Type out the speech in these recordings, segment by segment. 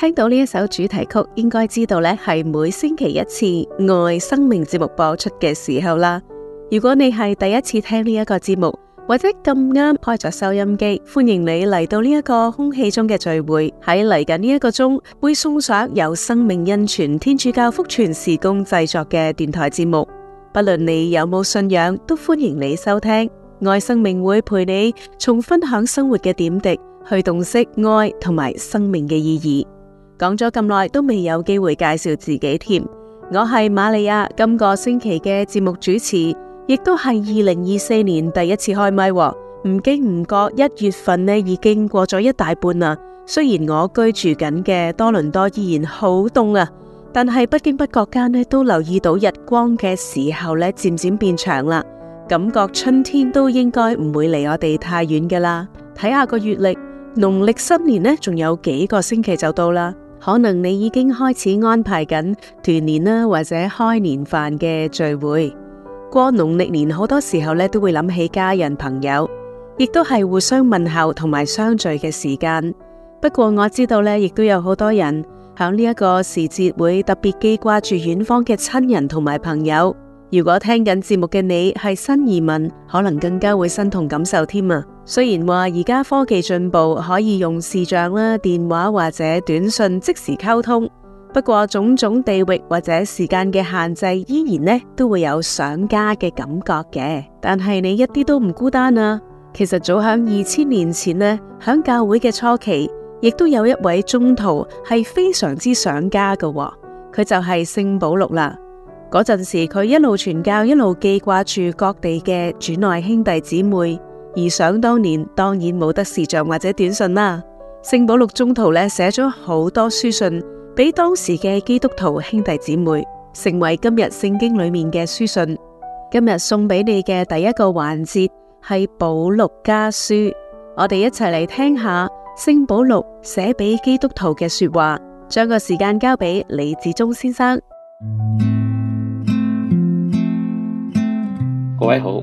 聽到呢一首主題曲，應該知道呢係每星期一次愛生命節目播出嘅時候啦。如果你係第一次聽呢一個節目，或者咁啱開咗收音機，歡迎你嚟到呢一個空氣中嘅聚會。喺嚟緊呢一個鐘，會送上由生命恩泉天主教福傳事工製作嘅電台節目。不論你有冇信仰，都歡迎你收聽。愛生命會陪你從分享生活嘅點滴，去洞悉愛同埋生命嘅意義。講咗咁耐都未有機會介紹自己添，我係瑪利亞，今個星期嘅節目主持，亦都係二零二四年第一次開麥。唔經唔覺，一月份呢已經過咗一大半啦。雖然我居住緊嘅多倫多依然好凍啊，但係不經不覺間呢都留意到日光嘅時候呢漸漸變長啦，感覺春天都應該唔會離我哋太遠噶啦。睇下個月曆，農曆新年呢仲有幾個星期就到啦。可能你已經開始安排緊團年啦，或者開年飯嘅聚會。過農曆年好多時候咧，都會諗起家人朋友，亦都係互相問候同埋相聚嘅時間。不過我知道咧，亦都有好多人響呢一個時節會特別記掛住遠方嘅親人同埋朋友。如果聽緊節目嘅你係新移民，可能更加會身同感受添啊！雖然話而家科技進步，可以用視像啦、電話或者短信即時溝通，不過種種地域或者時間嘅限制，依然呢都會有想家嘅感覺嘅。但係你一啲都唔孤單啊！其實早響二千年前呢，響教會嘅初期，亦都有一位宗徒係非常之想家嘅。哦，佢就係聖保祿啦。嗰陣時佢一路傳教，一路記掛住各地嘅主內兄弟姊妹。而想當年，當然冇得視像或者短信啦。聖保祿中途咧寫咗好多書信俾當時嘅基督徒兄弟姊妹，成為今日聖經裏面嘅書信。今日送俾你嘅第一個環節係保祿家書，我哋一齊嚟聽下聖保祿寫俾基督徒嘅說話。將個時間交俾李志忠先生。各位好。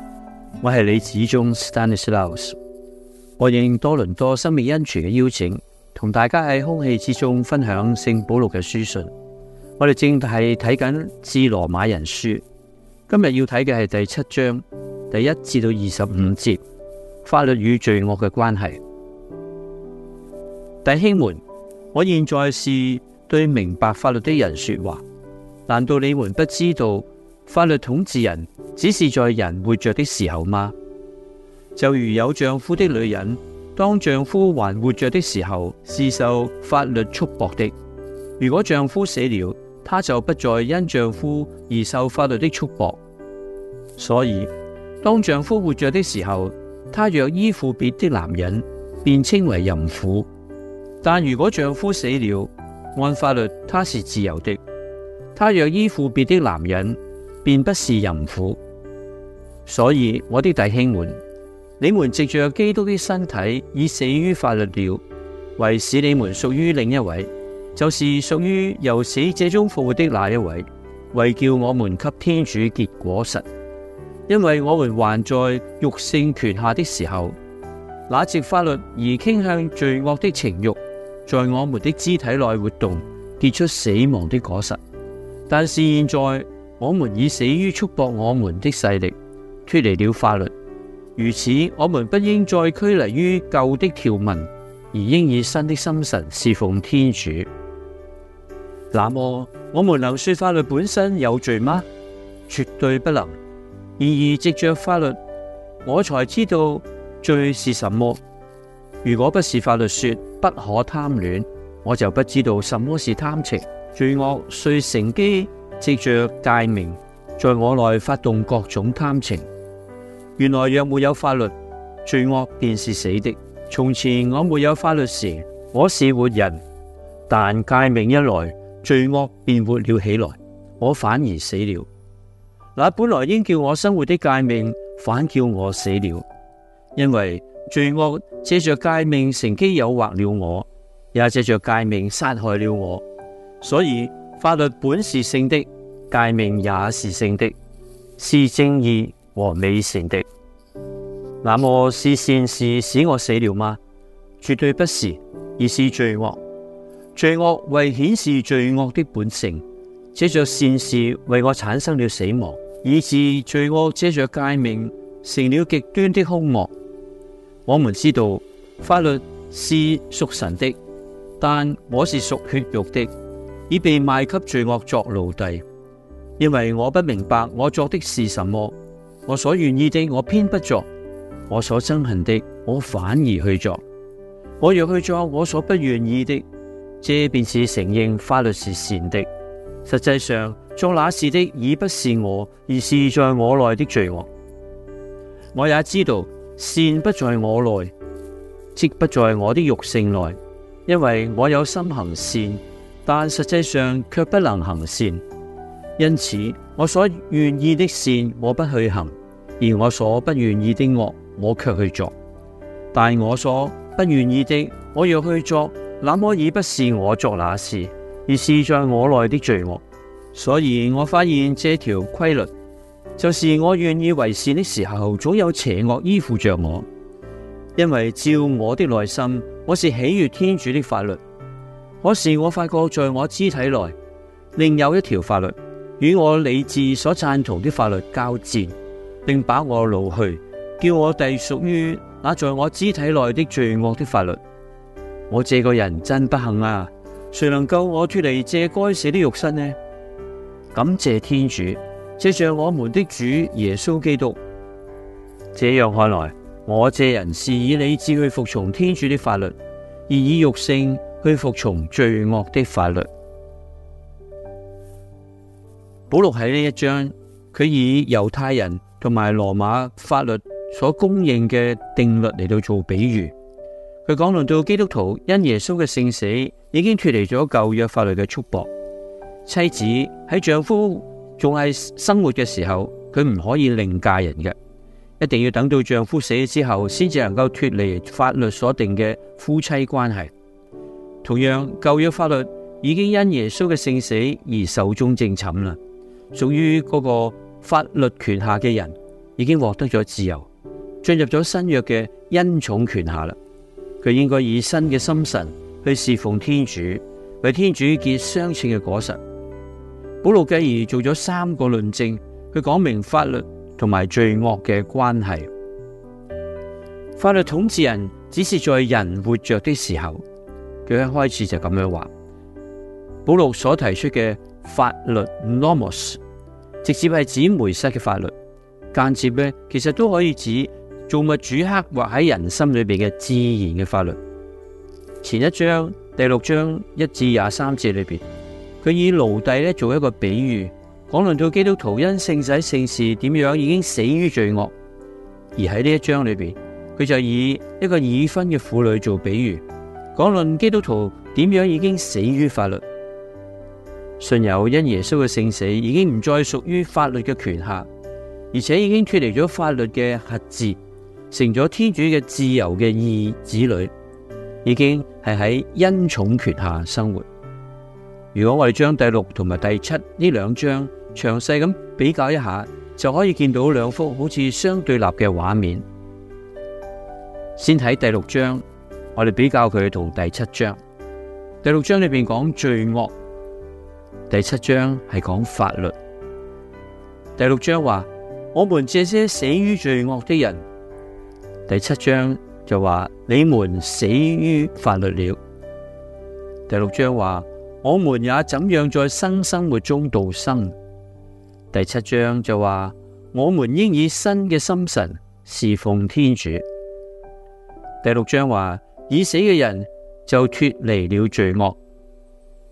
我係李子忠 Stanislaus，我應多倫多生命恩泉嘅邀請，同大家喺空氣之中分享聖保祿嘅書信。我哋正係睇緊《致羅馬人書》，今日要睇嘅係第七章第一至到二十五節，法律與罪惡嘅關係。弟兄們，我現在是對明白法律的人說話，難道你們不知道？法律統治人，只是在人活着的時候嗎？就如有丈夫的女人，當丈夫還活着的時候，是受法律束縛的。如果丈夫死了，她就不再因丈夫而受法律的束縛。所以，當丈夫活着的時候，她若依附別的男人，便稱為淫婦。但如果丈夫死了，按法律，她是自由的。她若依附別的男人，便不是淫婦，所以我的弟兄們，你們藉着基督的身體已死於法律了，為使你們屬於另一位，就是屬於由死者中復活的那一位，為叫我們給天主結果實，因為我們還在肉性權下的時候，那藉法律而傾向罪惡的情慾，在我們的肢體內活動，結出死亡的果實，但是現在。我們已死於束縛我們的勢力，脫離了法律。如此，我們不應再拘泥於舊的條文，而應以新的心神侍奉天主。那麼，我們能說法律本身有罪嗎？絕對不能。然而，而藉着法律，我才知道罪是什麼。如果不是法律說不可貪戀，我就不知道什麼是貪情。罪惡遂成機。借着誡命，在我內發動各種貪情，原來若沒有法律，罪惡便是死的。從前我沒有法律時，我是活人；但誡命一來，罪惡便活了起來，我反而死了。那本來應叫我生活的誡命，反叫我死了，因為罪惡借着誡命乘機誘惑了我，也借着誡命殺害了我，所以，法律本是聖的，誡命也是聖的，是正義和美善的。那麼是善事使我死了嗎？絕對不是，而是罪惡。罪惡為顯示罪惡的本性，藉着善事為我產生了死亡，以致罪惡藉着誡命成了極端的凶惡。我們知道法律是屬神的，但我是屬血肉的。已被賣給罪惡作奴隸，因為我不明白我作的是什麼，我所願意的我偏不作，我所憎恨的我反而去作。我若去作我所不願意的，這便是承認法律是善的。實際上做那事的已不是我，而是在我內的罪惡。我也知道善不在我內，即不在我的肉性內，因為我有心行善。但實際上卻不能行善，因此我所願意的善我不去行，而我所不願意的惡我卻去做。但我所不願意的，我要去做。那麼已不是我做那事，而是在我內的罪惡。所以我發現這條規律，就是我願意為善的時候，總有邪惡依附着我，因為照我的內心，我是喜悅天主的法律。可是我發覺在我肢體內另有一條法律，與我理智所贊同的法律交戰，並把我擄去，叫我隸屬於那在我肢體內的罪惡的法律。我這個人真不幸啊！誰能夠我脫離這該死的肉身呢？感謝天主，借着我們的主耶穌基督。這樣看來，我這人是以理智去服從天主的法律，而以肉性。去服從罪惡的法律。保祿喺呢一章，佢以猶太人同埋羅馬法律所公認嘅定律嚟到做比喻。佢講論到，基督徒因耶穌嘅聖死，已經脱離咗舊約法律嘅束縛。妻子喺丈夫仲係生活嘅時候，佢唔可以另嫁人嘅，一定要等到丈夫死之後，先至能夠脱離法律所定嘅夫妻關係。同樣舊約法律已經因耶穌嘅聖死而壽終正寢啦，屬於嗰個法律權下嘅人已經獲得咗自由，進入咗新約嘅恩寵權下啦。佢應該以新嘅心神去侍奉天主，為天主結相稱嘅果實。保羅繼而做咗三個論證，去講明法律同埋罪惡嘅關係。法律統治人，只是在人活着的時候。佢一開始就咁樣話，保祿所提出嘅法律 norms，直接係指梅瑟嘅法律，間接咧其實都可以指造物主刻畫喺人心裏面嘅自然嘅法律。前一章第六章一至廿三節裏面，佢以奴隸咧做一個比喻，講論到基督徒因聖洗聖事點樣已經死於罪惡，而喺呢一章裏面，佢就以一個已婚嘅婦女做比喻。講論基督徒點樣已經死於法律，信友因耶穌嘅聖死已經唔再屬於法律嘅權下，而且已經脫離咗法律嘅轄治，成咗天主嘅自由嘅義子女，已經係喺恩寵權下生活。如果我哋將第六同埋第七呢兩章詳細咁比較一下，就可以見到兩幅好似相對立嘅畫面。先睇第六章。我哋比較佢同第七章。第六章裏邊講罪惡，第七章係講法律。第六章話我們這些死於罪惡的人，第七章就話你們死於法律了。第六章話我們也怎樣在新生，生活中度生，第七章就話我們應以新嘅心神侍奉天主。第六章話。已死嘅人就脫離了罪惡。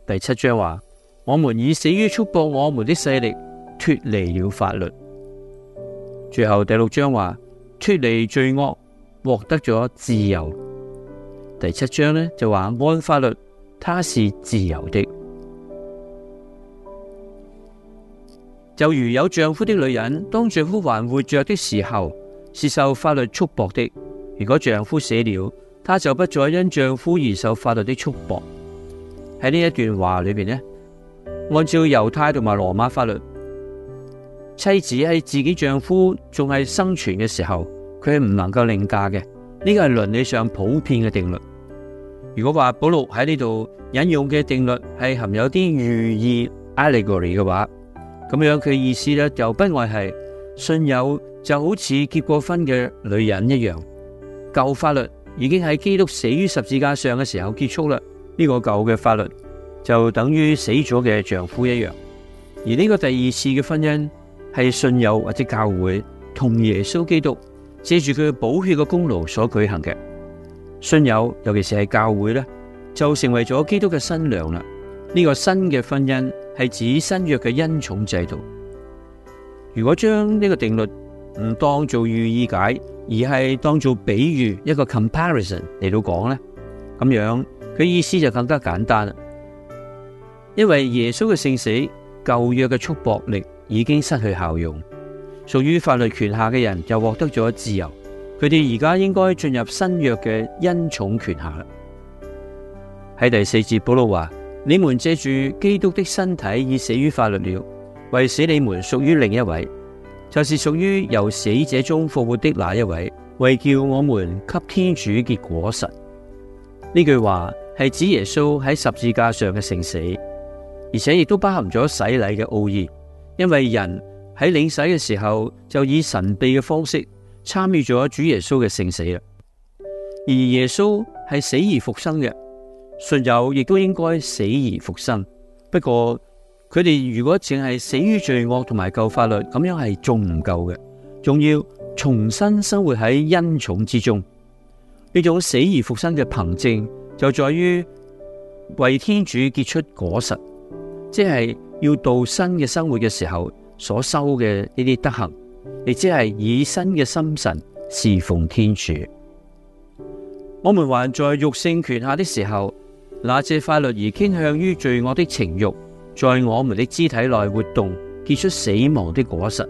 第七章話：我們已死於束縛我們的勢力，脫離了法律。最後第六章話：脫離罪惡，獲得咗自由。第七章呢，就話按法律他是自由的。就如有丈夫的女人，當丈夫還活着的時候是受法律束縛的。如果丈夫死了，她就不再因丈夫而受法律的束縛。喺呢一段話裏邊，按照猶太同埋羅馬法律，妻子喺自己丈夫仲係生存嘅時候，佢係唔能夠另嫁嘅。呢個係倫理上普遍嘅定律。如果話保祿喺呢度引用嘅定律係含有啲寓意 （allegory） 嘅話，咁樣佢意思咧就不外係信友就好似結過婚嘅女人一樣，舊法律。已經喺基督死於十字架上嘅時候結束啦，呢個舊嘅法律就等於死咗嘅丈夫一樣。而呢個第二次嘅婚姻係信友或者教會同耶穌基督借住佢嘅寶血嘅功勞所舉行嘅。信友尤其是係教會呢，就成為咗基督嘅新娘啦。呢個新嘅婚姻係指新約嘅恩寵制度。如果將呢個定律唔當做寓意解，而係當做比喻一個 comparison 嚟到講呢，咁樣佢意思就更加簡單啦。因為耶穌嘅聖死，舊約嘅束縛力已經失去效用，屬於法律權下嘅人就獲得咗自由，佢哋而家應該進入新約嘅恩寵權下啦。喺第四節，保羅話：你們借住基督的身體已死於法律了，為使你們屬於另一位。就是屬於由死者中復活的那一位，為叫我們給天主結果實。呢句話係指耶穌喺十字架上嘅聖死，而且亦都包含咗洗禮嘅奧義，因為人喺領洗嘅時候就以神秘嘅方式參與咗主耶穌嘅聖死啦。而耶穌係死而復生嘅，信友亦都應該死而復生。不過。佢哋如果淨係死於罪惡同埋舊法律，咁樣係仲唔夠嘅，仲要重新生活喺恩寵之中。呢種死而復生嘅憑證，就在於為天主結出果實，即係要到新嘅生活嘅時候所修嘅呢啲德行，亦即係以新嘅心神侍奉天主。我們還在肉性權下的時候，那借法律而傾向於罪惡的情慾。在我們的肢體內活動，結出死亡的果實。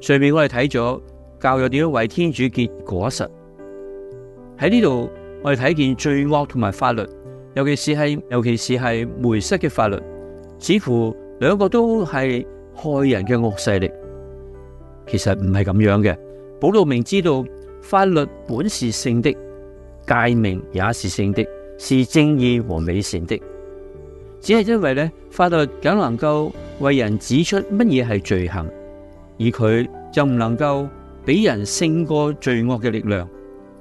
上面我哋睇咗教友點樣為天主結果實。喺呢度我哋睇見罪惡同埋法律，尤其是係尤其是係梅瑟嘅法律，似乎兩個都係害人嘅惡勢力。其實唔係咁樣嘅，保祿明知道法律本是聖的，誡命也是聖的，是正義和美善的。只係因為咧，法律梗能夠為人指出乜嘢係罪行，而佢就唔能夠俾人勝過罪惡嘅力量，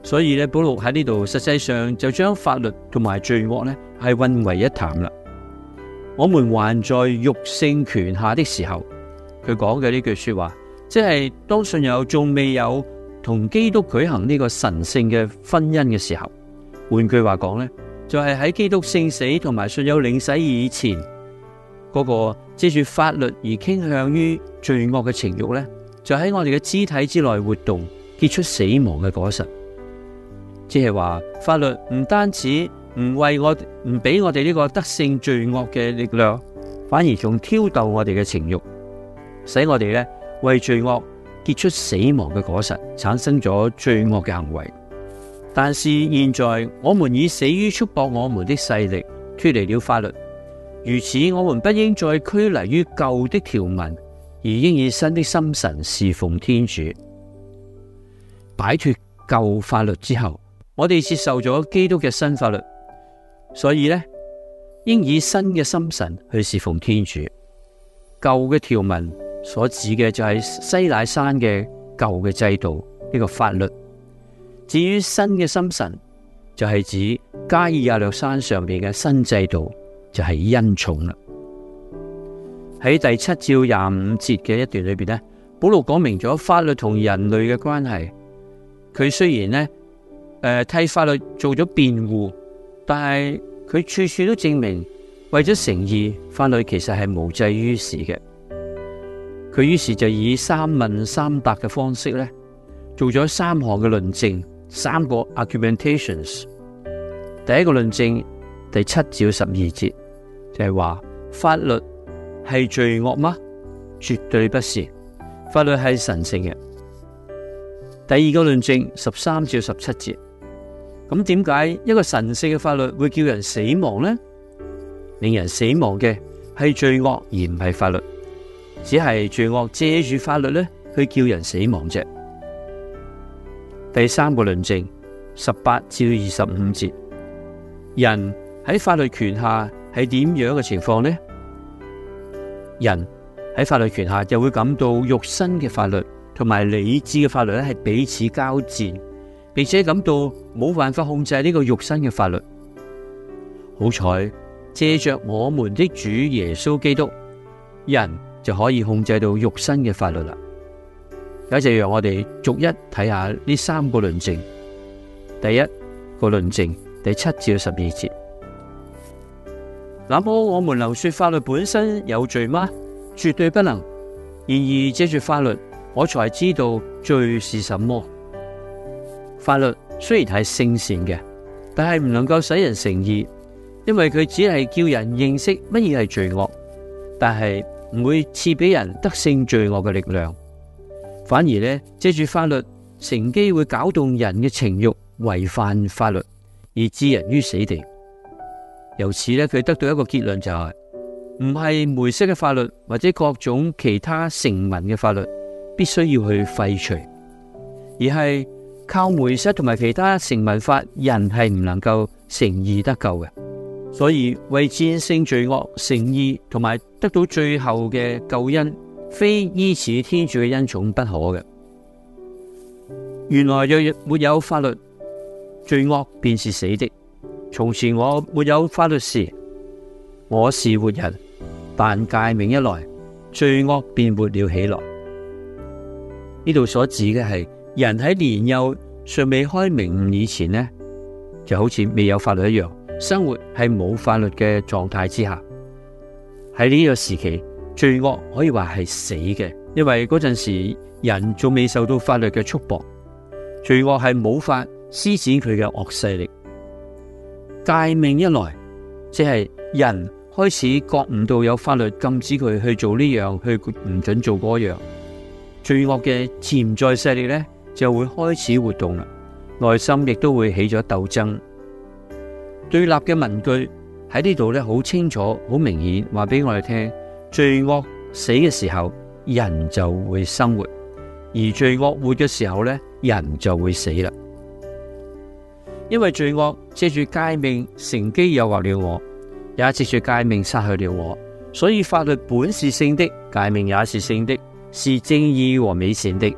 所以咧，保祿喺呢度實際上就將法律同埋罪惡咧係混為一談啦。我們還在肉性權下的時候，佢講嘅呢句說話，即係當信友仲未有同基督舉行呢個神聖嘅婚姻嘅時候，換句話講咧。就係、是、喺基督聖死同埋信友領洗以前，嗰、那個借住法律而傾向於罪惡嘅情欲咧，就喺我哋嘅肢體之內活動，結出死亡嘅果實。即係話，法律唔單止唔為我唔俾我哋呢個得勝罪惡嘅力量，反而仲挑逗我哋嘅情欲，使我哋咧為罪惡結出死亡嘅果實，產生咗罪惡嘅行為。但是現在，我們已死於束縛我們的勢力，脫離了法律。如此，我們不應再拘泥於舊的條文，而應以新的心神侍奉天主。擺脫舊法律之後，我哋接受咗基督嘅新法律，所以呢，應以新嘅心神去侍奉天主。舊嘅條文所指嘅就係西乃山嘅舊嘅制度呢，這個法律。至於新嘅心神，就係、是、指加爾瓦略山上邊嘅新制度就是重，就係恩寵啦。喺第七至廿五節嘅一段裏邊呢，保祿講明咗法律同人類嘅關係。佢雖然呢，誒、呃、替法律做咗辯護，但係佢處處都證明為咗成義，法律其實係無濟於事嘅。佢於是就以三問三答嘅方式呢，做咗三項嘅論證。三個 argumentations，第一個論證第七至十二節，就係話法律係罪惡嗎？絕對不是，法律係神聖嘅。第二個論證十三至十七節，咁點解一個神聖嘅法律會叫人死亡呢？令人死亡嘅係罪惡，而唔係法律，只係罪惡借住法律咧，去叫人死亡啫。第三個論證，十八至二十五節，人喺法律權下係點樣嘅情況呢？人喺法律權下，就會感到肉身嘅法律同埋理智嘅法律咧，係彼此交戰，並且感到冇辦法控制呢個肉身嘅法律。好彩借着我們的主耶穌基督，人就可以控制到肉身嘅法律啦。有就讓我哋逐一睇下呢三個論，個論證。第一個論證，第七至到十二節。那麼我們流說法律本身有罪嗎？絕對不能。然而借住法律，我才知道罪是什麼。法律雖然係聖善嘅，但係唔能夠使人誠意，因為佢只係叫人認識乜嘢係罪惡，但係唔會賜俾人得勝罪惡嘅力量。反而呢，借住法律乘機會搞動人嘅情欲，違反法律而置人於死地。由此呢，佢得到一個結論就係、是，唔係梅瑟嘅法律或者各種其他成文嘅法律必須要去廢除，而係靠梅瑟同埋其他成文法，人係唔能夠成義得救嘅。所以為戰勝罪惡、成義同埋得到最後嘅救恩，非依此天主嘅恩寵不可嘅。原來若若沒有法律，罪惡便是死的。從前我沒有法律時，我是活人；但誡命一來，罪惡便活了起來。呢度所指嘅係人喺年幼尚未開明以前呢，就好似未有法律一樣，生活係冇法律嘅狀態之下。喺呢個時期，罪惡可以話係死嘅，因為嗰陣時人仲未受到法律嘅束縛，罪惡係冇法施展佢嘅惡勢力。誡命一來，即係人開始覺唔到有法律禁止佢去做呢樣，去唔准做嗰樣，罪惡嘅潛在勢力咧就會開始活動啦。內心亦都會起咗鬥爭，對立嘅文句喺呢度咧好清楚、好明顯，話俾我哋聽。罪惡死嘅時候，人就會生活；而罪惡活嘅時候呢，人就會死啦。因為罪惡借住誡命乘機誘惑了我，也借住誡命殺害了我。所以法律本是聖的，誡命也是聖的，是正義和美善的。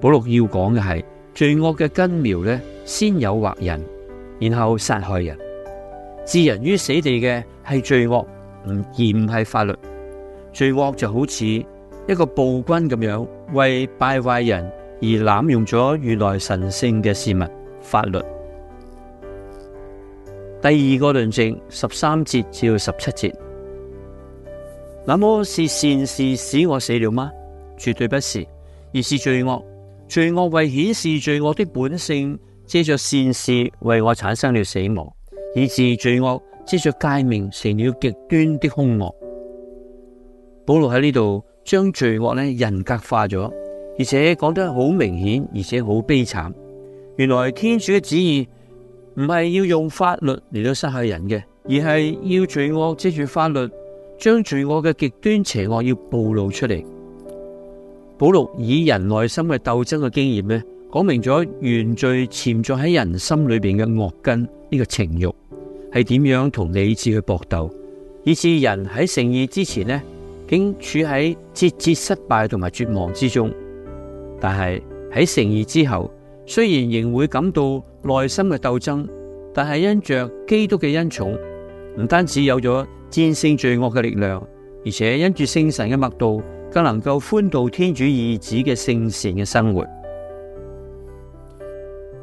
保祿要講嘅係罪惡嘅根苗呢，先誘惑人，然後殺害人，置人於死地嘅係罪惡。唔，而唔係法律，罪惡就好似一個暴君咁樣，為敗壞人而濫用咗原來神聖嘅事物，法律。第二個論證十三節至到十七節，那麼是善事使我死了嗎？絕對不是，而是罪惡，罪惡為顯示罪惡的本性，借着善事為我產生了死亡。以致罪惡藉住誡命，成了極端的凶惡。保祿喺呢度將罪惡人格化咗，而且講得好明顯，而且好悲慘。原來天主嘅旨意唔係要用法律嚟到殺害人嘅，而係要罪惡藉住法律，將罪惡嘅極端邪惡要暴露出嚟。保祿以人內心嘅鬥爭嘅經驗咧，講明咗原罪潛藏喺人心裏邊嘅惡根呢、這個情欲。係點樣同理智去搏鬥，以致人喺成義之前呢，竟處喺節節失敗同埋絕望之中。但係喺成義之後，雖然仍會感到內心嘅鬥爭，但係因着基督嘅恩寵，唔單止有咗戰勝罪惡嘅力量，而且因住聖神嘅默導，更能夠歡度天主義子嘅聖善嘅生活。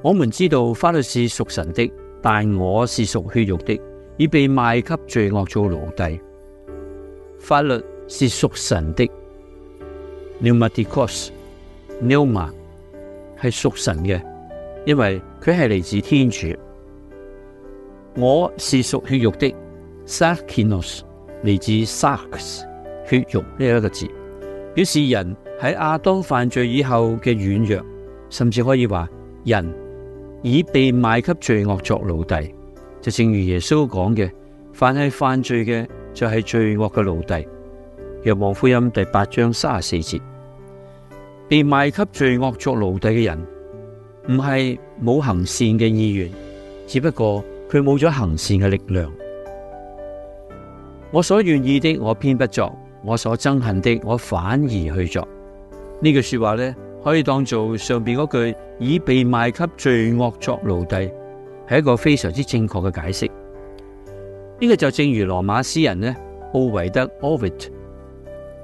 我們知道法律是屬神的。但我是屬血肉的，已被賣給罪惡做奴隸。法律是屬神的，pneumatikos，pneuma 係屬神嘅，因為佢係嚟自天主。我是屬血肉的，sarkinos 嚟自 sarx，血肉呢一個字，表示人喺亞當犯罪以後嘅軟弱，甚至可以話人。以被賣給罪惡作奴隸，就正如耶穌講嘅：凡係犯罪嘅，就係、是、罪惡嘅奴隸。若望福音第八章三十四節，被賣給罪惡作奴隸嘅人，唔係冇行善嘅意願，只不過佢冇咗行善嘅力量。我所願意的，我偏不作；我所憎恨的，我反而去作。呢句說話呢，可以當做上面嗰句「已被賣給罪惡作奴隸」，係一個非常之正確嘅解釋。呢個就正如羅馬詩人呢，奧維德 Ovid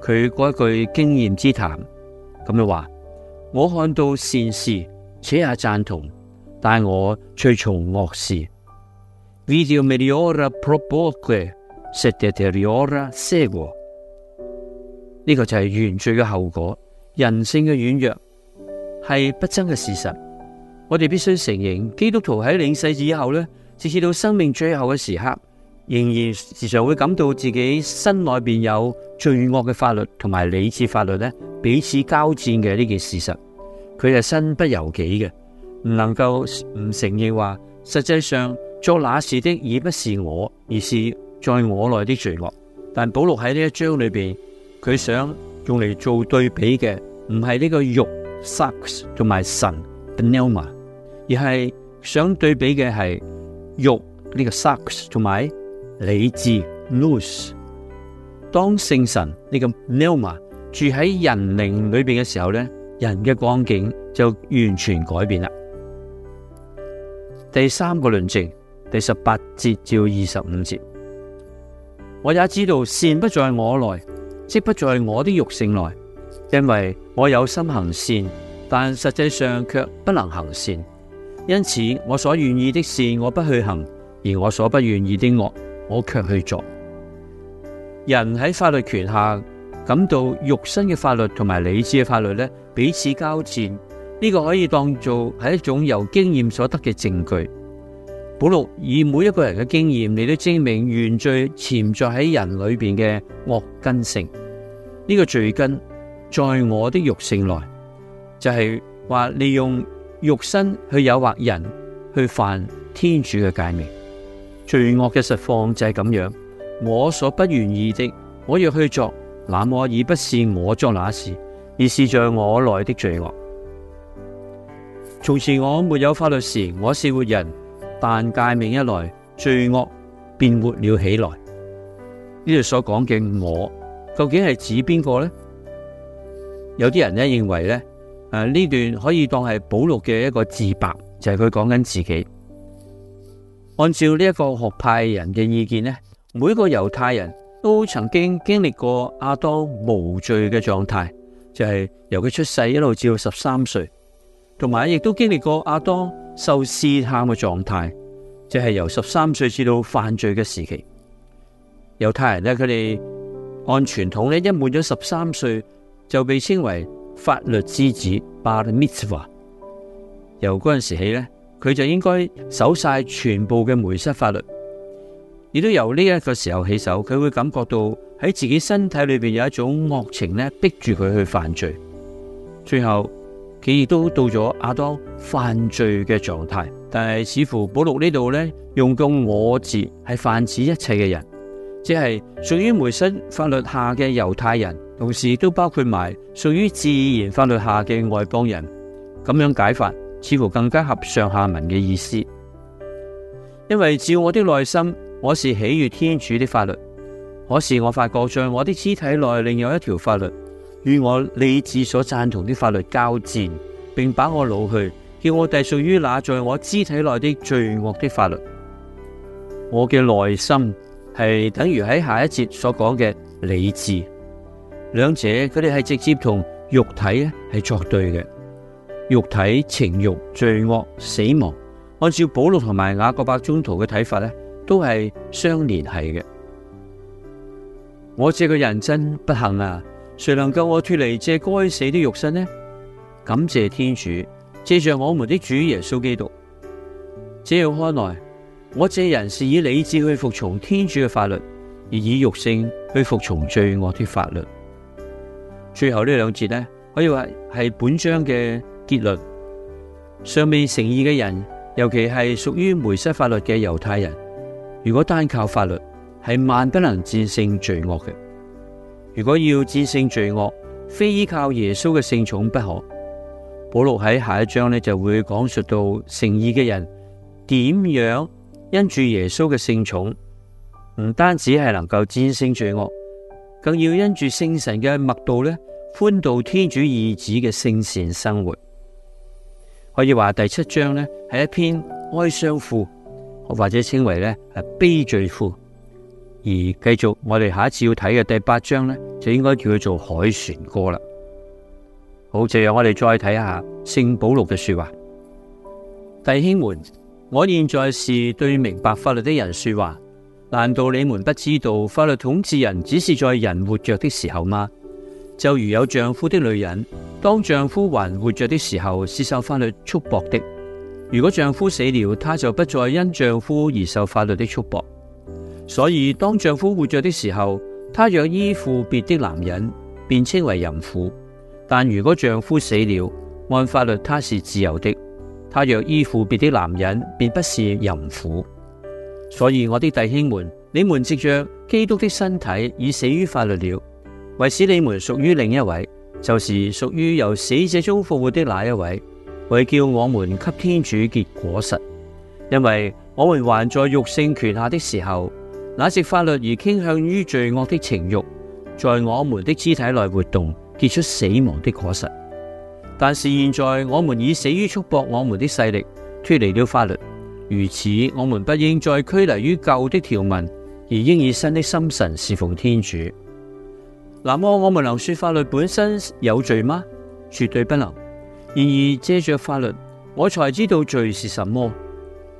佢嗰一句經驗之談咁樣話：我看到善事，且也讚同，但我隨從惡事。呢個就係原罪嘅後果，人性嘅軟弱。係不爭嘅事實，我哋必須承認，基督徒喺領世以後咧，直至到生命最後嘅時刻，仍然時常會感到自己身內邊有罪惡嘅法律同埋理智法律咧彼此交戰嘅呢件事實，佢係身不由己嘅，唔能夠唔承認話，實際上做那事的已不是我，而是在我內的罪惡。但保祿喺呢一章裏邊，佢想用嚟做對比嘅，唔係呢個肉。sarx 同埋神，pneuma，而係想對比嘅係肉呢個 sarx 同埋理智，nous。當聖神呢個 pneuma 住喺人靈裏邊嘅時候咧，人嘅光景就完全改變啦。第三個論證，第十八節至二十五節，我也知道善不在我內，即不在我的肉性內。因為我有心行善，但實際上卻不能行善，因此我所願意的事，我不去行，而我所不願意的惡我卻去做。人喺法律權下感到肉身嘅法律同埋理智嘅法律咧彼此交戰，呢、這個可以當做係一種由經驗所得嘅證據。保祿以每一個人嘅經驗，你都證明原罪潛在喺人裡邊嘅惡根性呢、這個罪根。在我的肉性內，就係話利用肉身去誘惑人去犯天主嘅誡命，罪惡嘅實況就係咁樣。我所不願意的，我要去做；那我已不是我做那事，而是在我內的罪惡。從前我沒有法律時，我是活人，但誡命一來，罪惡便活了起來。呢度所講嘅我，究竟係指邊個呢？有啲人咧，認為呢，誒，呢段可以當係保祿嘅一個自白，就係佢講緊自己。按照呢一個學派人嘅意見呢，每個猶太人都曾經經歷過亞當無罪嘅狀態，就係由佢出世一路至到十三歲，同埋亦都經歷過亞當受試探嘅狀態，就係由十三歲至到犯罪嘅時期。猶太人呢，佢哋按傳統呢，一滿咗十三歲。就被稱為法律之子 Bar Mitzvah。由嗰陣時起呢，佢就應該守晒全部嘅梅瑟法律。亦都由呢一個時候起手，佢會感覺到喺自己身體裏邊有一種惡情咧，逼住佢去犯罪。最後，佢亦都到咗亞當犯罪嘅狀態。但係似乎保祿呢度呢，用個我字係泛指一切嘅人，即係屬於梅瑟法律下嘅猶太人。同時都包括埋屬於自然法律下嘅外邦人，咁樣解法似乎更加合上下文嘅意思。因為照我的內心，我是喜悅天主的法律；可是我發覺在我啲肢體內另有一條法律，與我理智所贊同的法律交戰，並把我擄去，叫我隸屬於那在我肢體內的罪惡的法律。我嘅內心係等於喺下一節所講嘅理智。兩者佢哋係直接同肉體咧係作對嘅，肉體，情欲，罪惡，死亡，按照保祿同埋雅各伯宗徒嘅睇法咧，都係相聯繫嘅。我這個人真不幸啊！誰能夠我脱離這該死的肉身呢？感謝天主，藉着我們的主耶穌基督。這樣看來，我這人是以理智去服從天主嘅法律，而以肉性去服從罪惡的法律。最後呢兩節呢，可以話係本章嘅結論。尚未成義嘅人，尤其係屬於梅瑟法律嘅猶太人，如果單靠法律，係萬不能戰勝罪惡嘅。如果要戰勝罪惡，非依靠耶穌嘅聖寵不可。保祿喺下一章呢，就會講述到，成義嘅人點樣因住耶穌嘅聖寵，唔單止係能夠戰勝罪惡，更要因住聖神嘅默導呢，歡度天主義子嘅聖善生活。可以話第七章呢，係一篇哀傷賦，或者稱為呢係悲罪賦。而繼續我哋下一次要睇嘅第八章呢，就應該叫做海旋歌啦。好，就讓我哋再睇下聖保祿嘅說話。弟兄們，我現在是對明白法律的人說話。難道你們不知道，法律統治人只是在人活着的時候嗎？就如有丈夫的女人，當丈夫還活着的時候，是受法律束縛的。如果丈夫死了，她就不再因丈夫而受法律的束縛。所以，當丈夫活着的時候，她若依附別的男人，便稱為淫婦。但如果丈夫死了，按法律，她是自由的。她若依附別的男人，便不是淫婦。所以，我的弟兄們，你們藉着基督的身體已死於法律了，為使你們屬於另一位，就是屬於由死者中復活的那一位，為叫我們給天主結果實。因為我們還在肉性權下的時候，那藉法律而傾向於罪惡的情欲，在我們的肢體內活動，結出死亡的果實。但是現在，我們已死於束縛我們的勢力，脫離了法律。如此，我們不應再拘泥於舊的條文，而應以新的心神侍奉天主。那麼，我們能說法律本身有罪嗎？絕對不能。然而，借着法律，我才知道罪是什麼。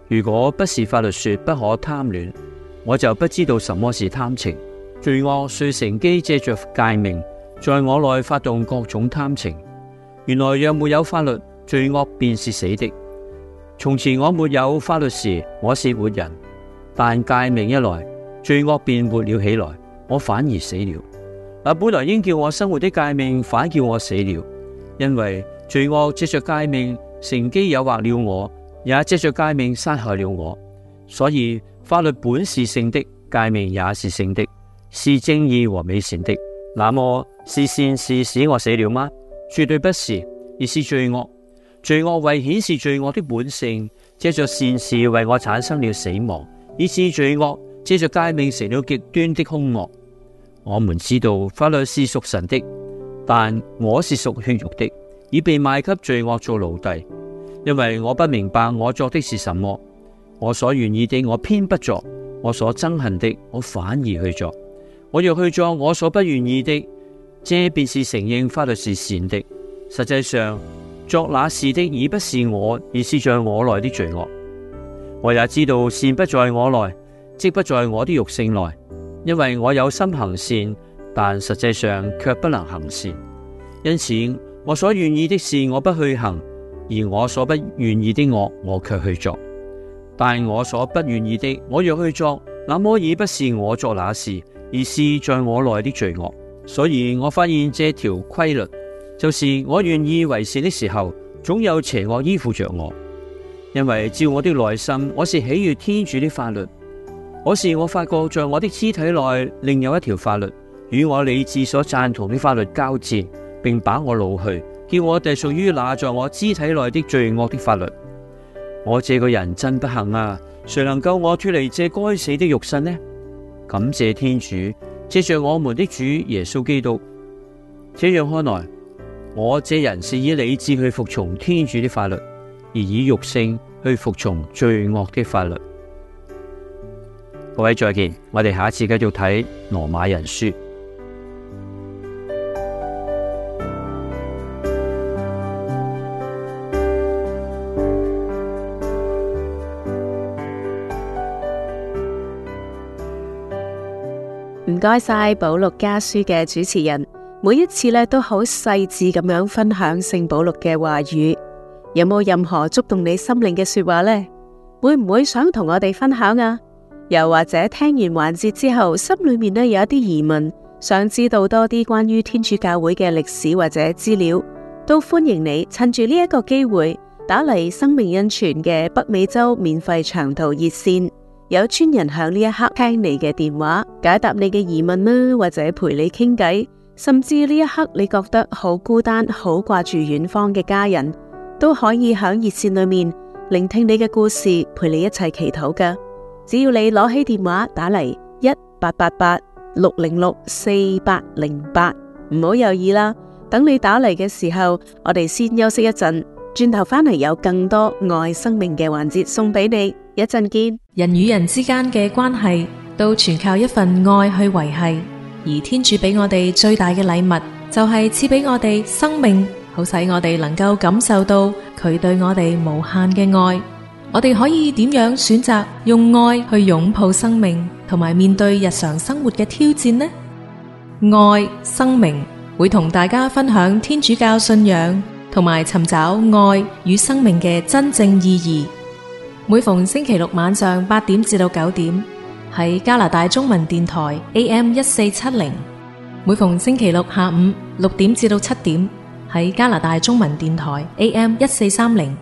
如果不是法律說不可貪戀，我就不知道什麼是貪情。罪惡遂乘機借着誡命在我內發動各種貪情。原來，若沒有法律，罪惡便是死的。從前我沒有法律時，我是活人；但誡命一來，罪惡便活了起來，我反而死了。那本來應叫我生活的誡命，反而叫我死了，因為罪惡借着誡命，乘機誘惑了我，也借着誡命殺害了我。所以法律本是聖的，誡命也是聖的，是正義和美善的。那麼事是善事使我死了嗎？絕對不是，而是罪惡。罪惡為顯示罪惡的本性，借着善事為我產生了死亡；以致罪惡借着誡命成了極端的兇惡。我們知道法律是屬神的，但我是屬血肉的，已被賣給罪惡做奴隸。因為我不明白我做的是什麼，我所願意的我偏不做，我所憎恨的我反而去做。我若去做我所不願意的，這便是承認法律是善的。實際上。作那事的已不是我，而是在我內的罪惡。我也知道善不在我內，即不在我的肉性內，因為我有心行善，但實際上却不能行善。因此，我所願意的事我不去行，而我所不願意的惡我，我却去做。但我所不願意的，我若去作，那麼已不是我作那事，而是在我內的罪惡。所以我發現這條規律。就是我願意為善的時候，總有邪惡依附着我。因為照我的內心，我是喜悅天主的法律。可是我發覺在我的肢體內另有一條法律，與我理智所贊同的法律交戰，並把我擄去，叫我哋屬於那在我肢體內的罪惡的法律。我這個人真不幸啊！誰能救我脫離這該死的肉身呢？感謝天主，借着我們的主耶穌基督。這樣看來。我這人是以理智去服從天主的法律，而以肉性去服從罪惡的法律。各位再見，我哋下一次繼續睇羅馬人書。唔該晒《保祿家書》嘅主持人。每一次咧都好細緻咁樣分享聖保祿嘅話語，有冇任何觸動你心靈嘅說話呢？會唔會想同我哋分享啊？又或者聽完環節之後，心裏面呢有一啲疑問，想知道多啲關於天主教會嘅歷史或者資料，都歡迎你趁住呢一個機會打嚟生命恩泉嘅北美洲免費長途熱線，有專人響呢一刻聽你嘅電話，解答你嘅疑問啦，或者陪你傾偈。甚至呢一刻，你覺得好孤單，好掛住遠方嘅家人，都可以響熱線裏面聆聽你嘅故事，陪你一齊祈禱噶。只要你攞起電話打嚟，一八八八六零六四八零八，唔好猶豫啦。等你打嚟嘅時候，我哋先休息一陣，轉頭返嚟有更多愛生命嘅環節送俾你。一陣見。人與人之間嘅關係都全靠一份愛去維繫。而天主俾我哋最大嘅禮物，就係賜俾我哋生命，好使我哋能夠感受到佢對我哋無限嘅愛。我哋可以點樣選擇用愛去擁抱生命，同埋面對日常生活嘅挑戰呢？愛、生命，會同大家分享天主教信仰，同埋尋找愛與生命嘅真正意義。每逢星期六晚上八點至到九點。喺加拿大中文電台 AM 一四七零，每逢星期六下午六點至到七點，喺加拿大中文電台 AM 一四三零，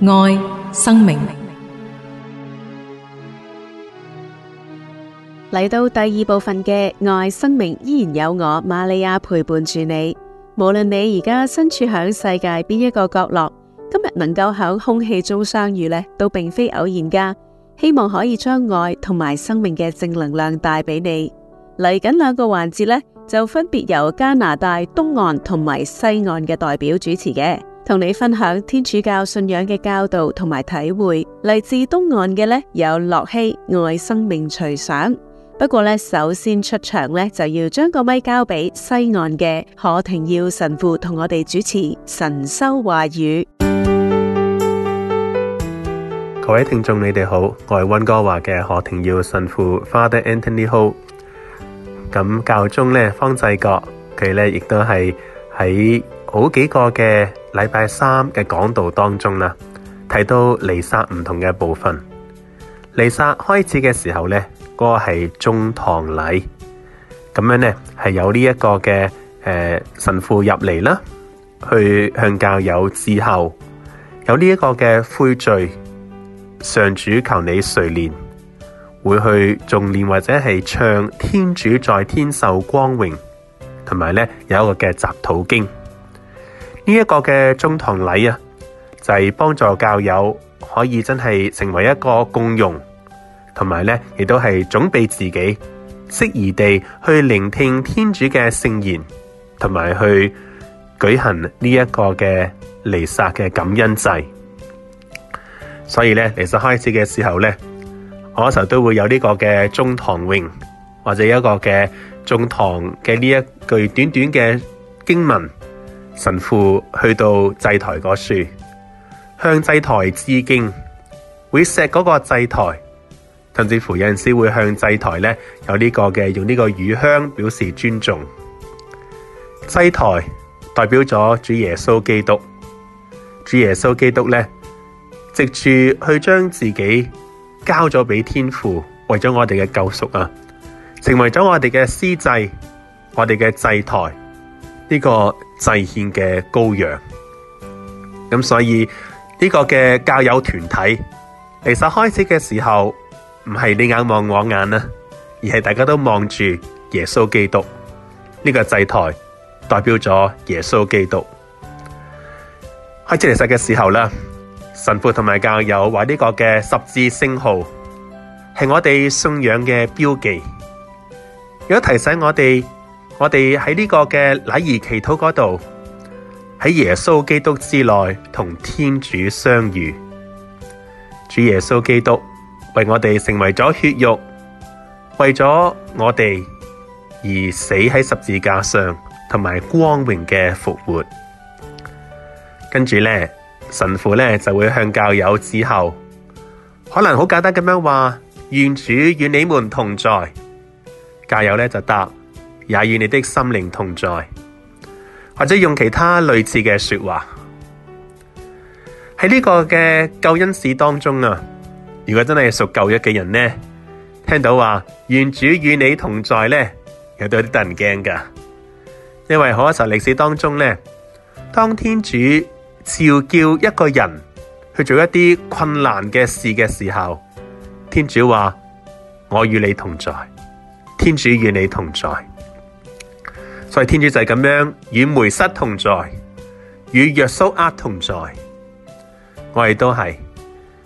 愛生命，嚟到第二部分嘅，愛生命依然有我瑪利亞陪伴住你，無論你而家身處喺世界邊一個角落，今日能夠喺空氣中相遇呢，都並非偶然噶。希望可以將愛同埋生命嘅正能量帶俾你。嚟緊兩個環節咧，就分別由加拿大東岸同埋西岸嘅代表主持嘅，同你分享天主教信仰嘅教導同埋體會。嚟自東岸嘅咧有洛希愛生命隨想，不過咧首先出場咧就要將個咪交俾西岸嘅何庭耀神父同我哋主持神修話語。各位聽眾，你哋好，我係溫哥華嘅何庭耀神父 Father Anthony Ho。咁教宗咧，方濟各佢咧，亦都係喺好幾個嘅禮拜三嘅講道當中啦，睇到彌撒唔同嘅部分。彌撒開始嘅時候咧，嗰、那個係進堂禮，咁樣咧係有呢一個嘅誒、呃、神父入嚟啦，去向教友致候，有呢一個嘅悔罪。上主求你垂憐，會去誦念或者係唱《天主在天受光榮》，同埋咧有一個嘅《集禱經》。呢一個嘅進堂禮啊，就係、是、幫助教友可以真係成為一個共融，同埋咧亦都係準備自己適宜地去聆聽天主嘅聖言，同埋去舉行呢一個嘅彌撒嘅感恩祭。所以咧，其實開，開始嘅時候咧，我嗰時候都會有呢個嘅進堂詠，或者一個嘅進堂嘅呢一句短短嘅經文，神父去到祭台嗰處，向祭台致敬，會錫嗰個祭台，甚至乎有陣時會向祭台咧有呢個嘅用呢個乳香表示尊重。祭台代表咗主耶穌基督，主耶穌基督咧。藉住去將自己交咗俾天父，為咗我哋嘅救贖啊，成為咗我哋嘅司祭，我哋嘅祭台呢個祭獻嘅羔羊。咁所以呢個嘅教友團體，其實開始嘅時候唔係你眼望我眼啊，而係大家都望住耶穌基督呢個祭台，代表咗耶穌基督。開始嚟實嘅時候咧。神父同埋教友畫呢個嘅十字聖號，係我哋信仰嘅標記，如果提醒我哋，我哋喺呢個嘅禮儀祈禱嗰度，喺耶穌基督之內同天主相遇。主耶穌基督為我哋成為咗血肉，為咗我哋而死喺十字架上，同埋光榮嘅復活。跟住咧。神父呢，就會向教友致候，可能好簡單咁樣話：願主與你們同在。教友呢，就答：也與你的心靈同在，或者用其他類似嘅說話。喺呢個嘅救恩史當中啊，如果真係屬舊約嘅人呢，聽到話願主與你同在咧，有啲得人驚噶，因為可喺歷史當中呢，當天主。召叫一個人去做一啲困難嘅事嘅時候，天主話：我與你同在。天主與你同在，所以天主就係咁樣與梅瑟同在，與若蘇厄同在。我哋都係，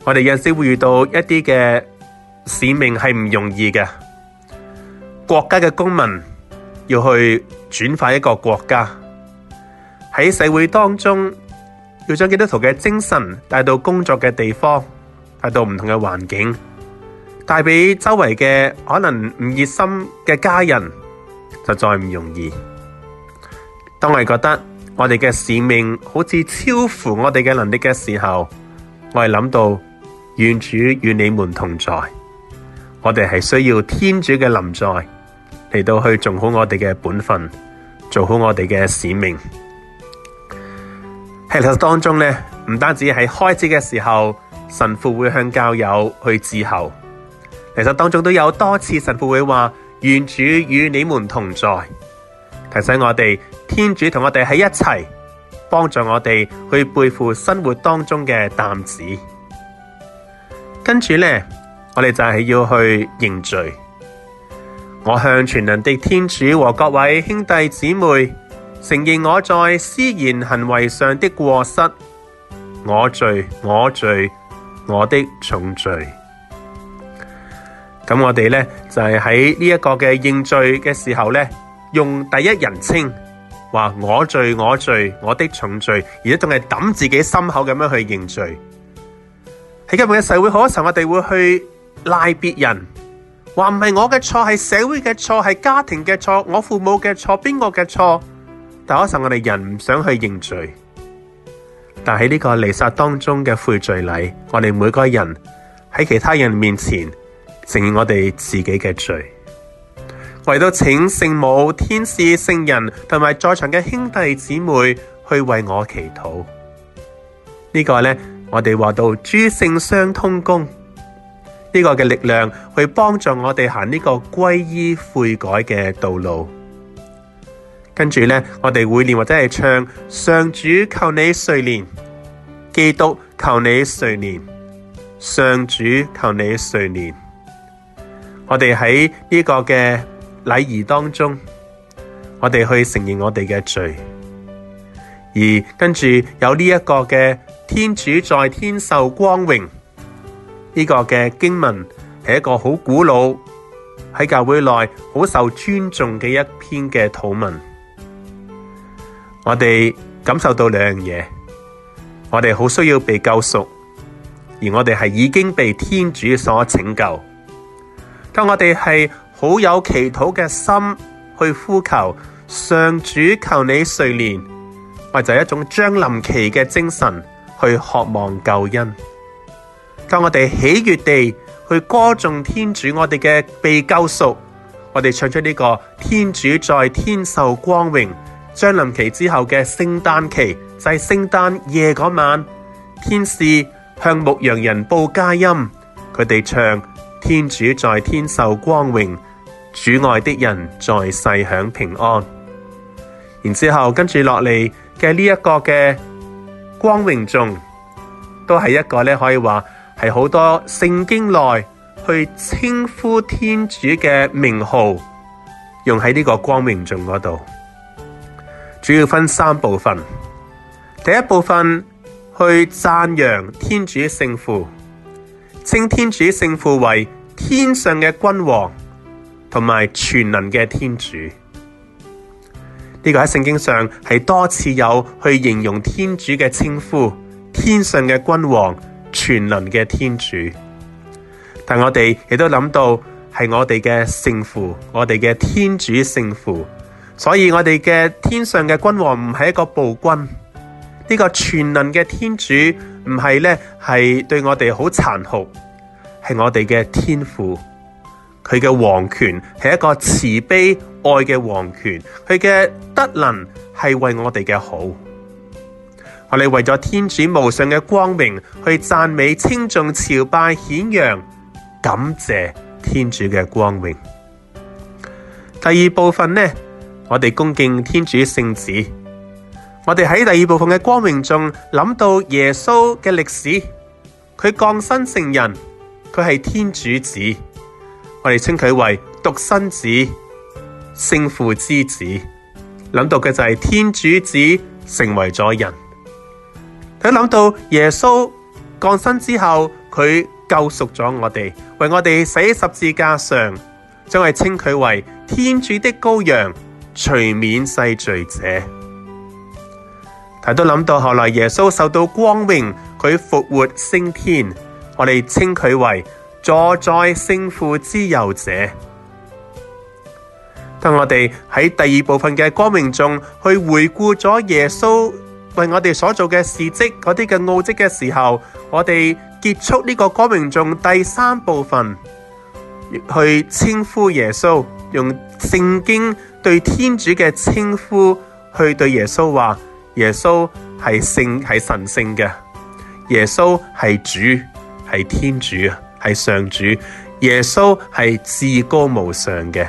我哋有時會遇到一啲嘅使命係唔容易嘅。國家嘅公民要去轉化一個國家喺社會當中。要將基督徒嘅精神帶到工作嘅地方，帶到唔同嘅環境，帶俾周圍嘅可能唔熱心嘅家人，就再唔容易。當我哋覺得我哋嘅使命好似超乎我哋嘅能力嘅時候，我係諗到願主與你們同在，我哋係需要天主嘅臨在，嚟到去做好我哋嘅本分，做好我哋嘅使命。其實當中呢，唔單止在開始嘅時候，神父會向教友去致候。其實當中都有多次神父會話，願主與你們同在，提醒我哋，天主同我哋喺一齊，幫助我哋去背負生活當中嘅擔子。跟住呢，我哋就係要去認罪。我向全能的天主和各位兄弟姊妹，承認我在私言行為上的過失，我罪我罪，我的重罪。咁我哋呢，就係喺呢一個嘅認罪嘅時候呢，用第一人稱話我罪我罪，我的重罪，而且仲係抌自己心口咁樣去認罪。喺今日嘅社會好多時候我哋會去賴別人話唔係我嘅錯，係社會嘅錯，係家庭嘅錯，我父母嘅錯，邊個嘅錯？但嗰時候我哋人唔想去認罪，但喺呢個彌撒當中嘅悔罪禮，我哋每個人喺其他人面前承認我哋自己嘅罪，為到請聖母、天使、聖人同埋在場嘅兄弟姊妹去為我祈禱。呢個呢，我哋話到諸聖相通功，呢個嘅力量去幫助我哋行呢個歸依悔改嘅道路。跟住呢，我哋會念或者係唱「上主求你垂憐」、「基督求你垂憐」、「上主求你垂憐」。我哋喺呢個嘅禮儀當中，我哋去承認我哋嘅罪，而跟住有呢一個嘅天主在天受光榮呢、這個嘅經文，係一個好古老喺教會內好受尊重嘅一篇嘅禱文。我哋感受到兩樣嘢，我哋好需要被救贖，而我哋係已經被天主所拯救。當我哋係好有祈禱嘅心去呼求上主，求你垂憐，或者一種將臨期嘅精神去渴望救恩。當我哋喜悅地去歌頌天主，我哋嘅被救贖，我哋唱出呢、這個天主在天受光榮。將臨期之後嘅聖誕期就係聖誕夜嗰晚，天使向牧羊人報佳音，佢哋唱天主在天受光榮，主愛的人在世享平安。然之後跟住落嚟嘅呢一個嘅光榮頌，都係一個咧可以話係好多聖經內去稱呼天主嘅名號，用喺呢個光榮頌嗰度。主要分三部分。第一部分去讚揚天主聖父，稱天主聖父為天上嘅君王，同埋全能嘅天主。呢個喺聖經上係多次有去形容天主嘅稱呼，天上嘅君王，全能嘅天主。但我哋亦都諗到，係我哋嘅聖父，我哋嘅天主聖父。所以我哋嘅天上嘅君王唔係一個暴君，呢個全能嘅天主唔係咧，係對我哋好殘酷，係我哋嘅天父，佢嘅皇權係一個慈悲愛嘅皇權，佢嘅德能係為我哋嘅好，我哋為咗天主無上嘅光榮去讚美、稱頌、朝拜、顯揚，感謝天主嘅光榮。第二部分咧。我哋恭敬天主聖子。我哋喺第二部分嘅光明中諗到耶穌嘅歷史，佢降生成人，佢係天主子，我哋稱佢為獨生子、聖父之子。諗到嘅就係天主子成為咗人。佢諗到耶穌降生之後，佢救贖咗我哋，為我哋死喺十字架上，將係稱佢為天主的羔羊。除免世罪者，但都諗到後來耶穌受到光榮，佢復活升天，我哋稱佢為坐在聖父之右者。當我哋喺第二部分嘅光榮中去回顧咗耶穌為我哋所做嘅事跡嗰啲嘅奧跡嘅時候，我哋結束呢個光榮中第三部分，去稱呼耶穌，用聖經對天主嘅稱呼去對耶穌話：耶穌係聖、係神聖嘅，耶穌係主係天主啊，係上主，耶穌係至高無上嘅。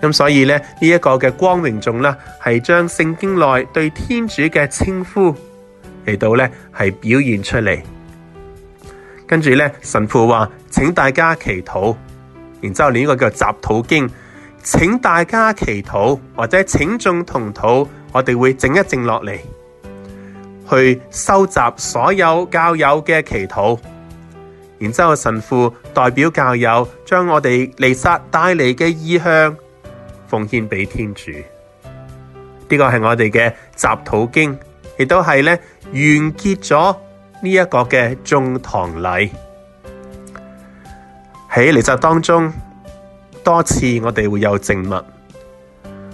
咁所以咧呢一個嘅光榮頌啦，係將聖經內對天主嘅稱呼嚟，到咧係表現出嚟。跟住咧，神父話，請大家祈禱，然之後呢個叫集禱經，請大家祈禱或者請眾同禱，我哋會靜一靜落嚟，去收集所有教友嘅祈禱，然之後神父代表教友將我哋彌撒帶嚟嘅意向奉獻俾天主，呢、這個係我哋嘅集禱經，亦都係咧完結咗。呢、這、一個嘅進堂禮喺彌撒當中多次，我哋會有靜默。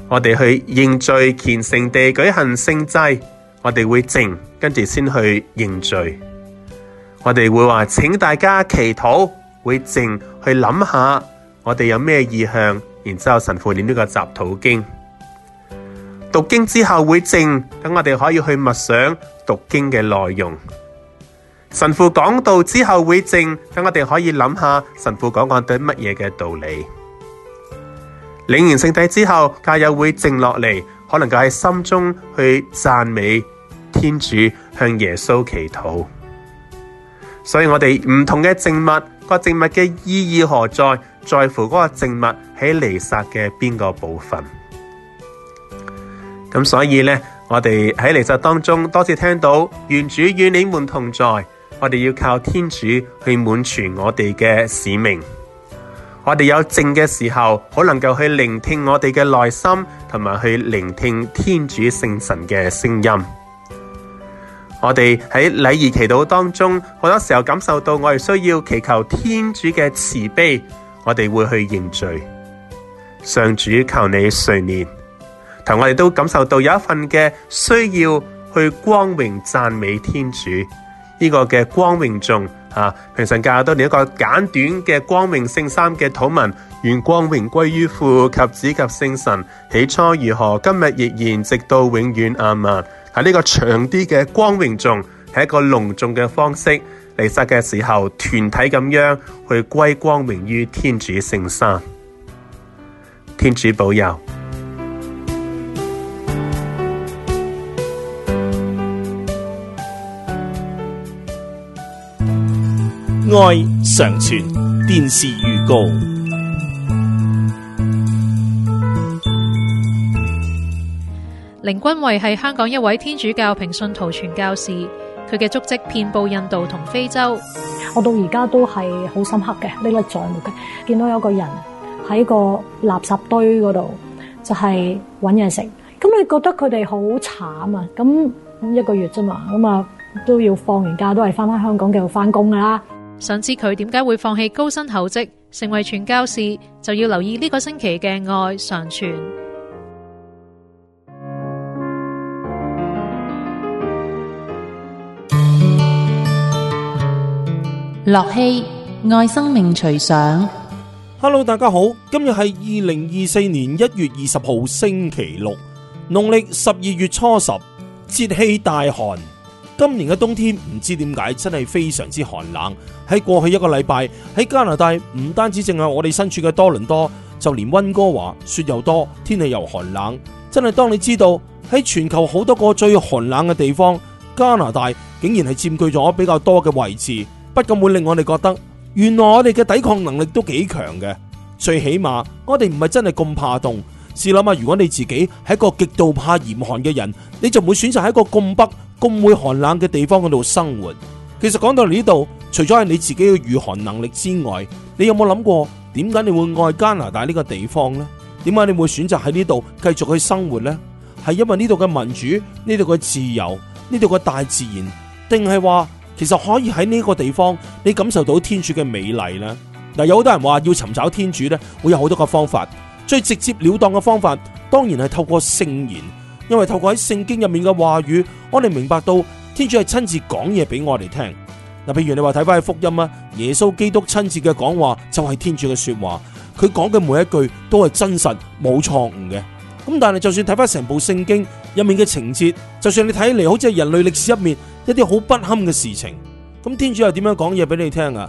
我哋去認罪，虔誠地舉行聖祭。我哋會靜，跟住先去認罪。我哋會話，請大家祈禱，會靜去諗下我哋有咩意向，然之後神父念呢個集禱經，讀經之後會靜，等我哋可以去默想讀經嘅內容。神父講道之後會靜，咁我哋可以諗下神父講講對乜嘢嘅道理。領完聖體之後，教友會靜落嚟，可能就喺心中去讚美天主，向耶穌祈禱。所以我哋唔同嘅靜物，個靜物嘅意義何在，在乎嗰個靜物喺彌撒嘅邊個部分。咁所以呢，我哋喺彌撒當中多次聽到，原主與你們同在。我哋要靠天主去滿全我哋嘅使命。我哋有靜嘅時候，好能夠去聆聽我哋嘅內心，同埋去聆聽天主聖神嘅聲音。我哋喺禮儀祈禱當中，好多時候感受到我哋需要祈求天主嘅慈悲。我哋會去認罪，上主求你垂念，同我哋都感受到有一份嘅需要去光榮讚美天主。呢、這個嘅光榮頌啊，平常教我多一個簡短嘅光榮聖三嘅禱文，願光榮歸於父及子及聖神。起初如何，今日亦然，直到永遠阿門、啊。喺、啊、呢、這個長啲嘅光榮頌，係一個隆重嘅方式，彌撒嘅時候團體咁樣去歸光榮於天主聖三。天主保佑。愛常傳電視預告。凌君慧係香港一位天主教平信徒傳教士，佢嘅足跡遍布印度同非洲。我到而家都係好深刻嘅、歷歷在目嘅。見到有個人喺個垃圾堆嗰度，就係搵嘢食。咁你覺得佢哋好慘啊？咁一個月啫嘛，咁啊都要放完假都係翻返香港繼續翻工噶啦想知佢點解會放棄高薪厚職，成為傳教士，就要留意呢個星期嘅愛常傳。樂熙愛生命隨想。Hello，大家好，今日係二零二四年一月二十號星期六，農曆十二月初十，節氣大寒。今年嘅冬天唔知點解真係非常之寒冷。喺過去一個禮拜，喺加拿大唔單止淨係我哋身處嘅多倫多，就連溫哥華雪又多，天氣又寒冷。真係當你知道喺全球好多個最寒冷嘅地方，加拿大竟然係佔據咗比較多嘅位置，不禁會令我哋覺得，原來我哋嘅抵抗能力都幾強嘅。最起碼我哋唔係真係咁怕凍。試諗下，如果你自己係一個極度怕嚴寒嘅人，你就唔會選擇喺一個咁北、咁會寒冷嘅地方嗰度生活。其實講到呢度，除咗係你自己嘅御寒能力之外，你有冇諗過點解你會愛加拿大呢個地方呢？點解你會選擇喺呢度繼續去生活呢？係因為呢度嘅民主、呢度嘅自由、呢度嘅大自然，定係話其實可以喺呢個地方你感受到天主嘅美麗呢？嗱，有好多人話要尋找天主呢，會有好多嘅方法。最直接了當嘅方法，當然係透過聖言，因為透過喺聖經入面嘅話語，我哋明白到天主係親自講嘢俾我哋聽。嗱，譬如你話睇翻去福音啊，耶穌基督親自嘅講話就係天主嘅說話，佢講嘅每一句都係真實冇錯誤嘅。咁但係就算睇翻成部聖經入面嘅情節，就算你睇起嚟好似係人類歷史入面一啲好不堪嘅事情，咁天主又點樣講嘢俾你聽啊？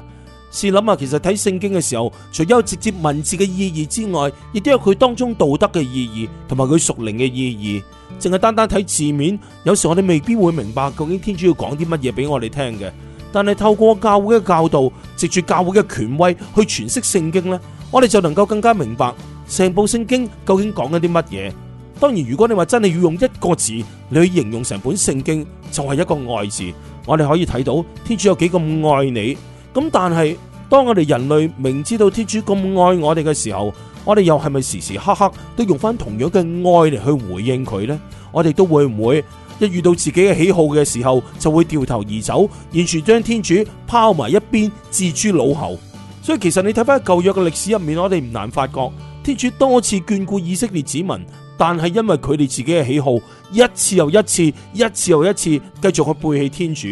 試諗下，其實睇聖經嘅時候，除咗有直接文字嘅意義之外，亦都有佢當中道德嘅意義同埋佢屬靈嘅意義。淨係單單睇字面，有時我哋未必會明白究竟天主要講啲乜嘢俾我哋聽嘅。但係透過教會嘅教導，藉住教會嘅權威去詮釋聖經呢，我哋就能夠更加明白成部聖經究竟講緊啲乜嘢。當然，如果你話真係要用一個字嚟形容成本聖經，就係一個愛字。我哋可以睇到天主有幾咁愛你。咁但係。當我哋人類明知道天主咁愛我哋嘅時候，我哋又係咪時時刻刻都用翻同樣嘅愛嚟去回應佢呢？我哋都會唔會一遇到自己嘅喜好嘅時候，就會掉頭而走，完全將天主拋埋一邊，置諸腦後？所以其實你睇翻舊約嘅歷史入面，我哋唔難發覺天主多次眷顧以色列子民，但係因為佢哋自己嘅喜好，一次又一次，一次又一次，繼續去背棄天主。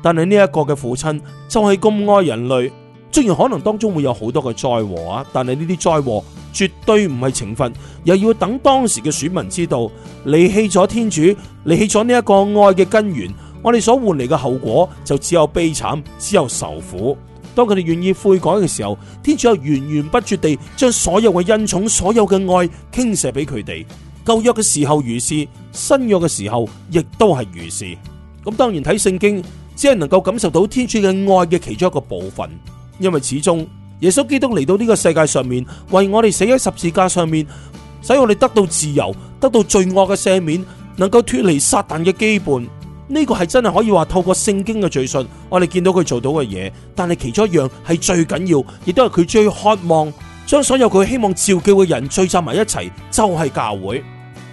但係呢一個嘅父親就係咁愛人類。雖然可能當中會有好多嘅災禍啊，但係呢啲災禍絕對唔係懲罰，又要等當時嘅選民知道離棄咗天主，離棄咗呢一個愛嘅根源，我哋所換嚟嘅後果就只有悲慘，只有愁苦。當佢哋願意悔改嘅時候，天主又源源不絕地將所有嘅恩寵、所有嘅愛傾瀉俾佢哋。舊約嘅時候如是，新約嘅時候亦都係如是。咁當然睇聖經，只係能夠感受到天主嘅愛嘅其中一個部分。因為始終耶穌基督嚟到呢個世界上面，為我哋死喺十字架上面，使我哋得到自由，得到罪惡嘅赦免，能夠脫離撒但嘅羈絆。呢個係真係可以話透過聖經嘅敘述，我哋見到佢做到嘅嘢。但係其中一樣係最緊要，亦都係佢最渴望將所有佢希望召叫嘅人聚集埋一齊，就係教會。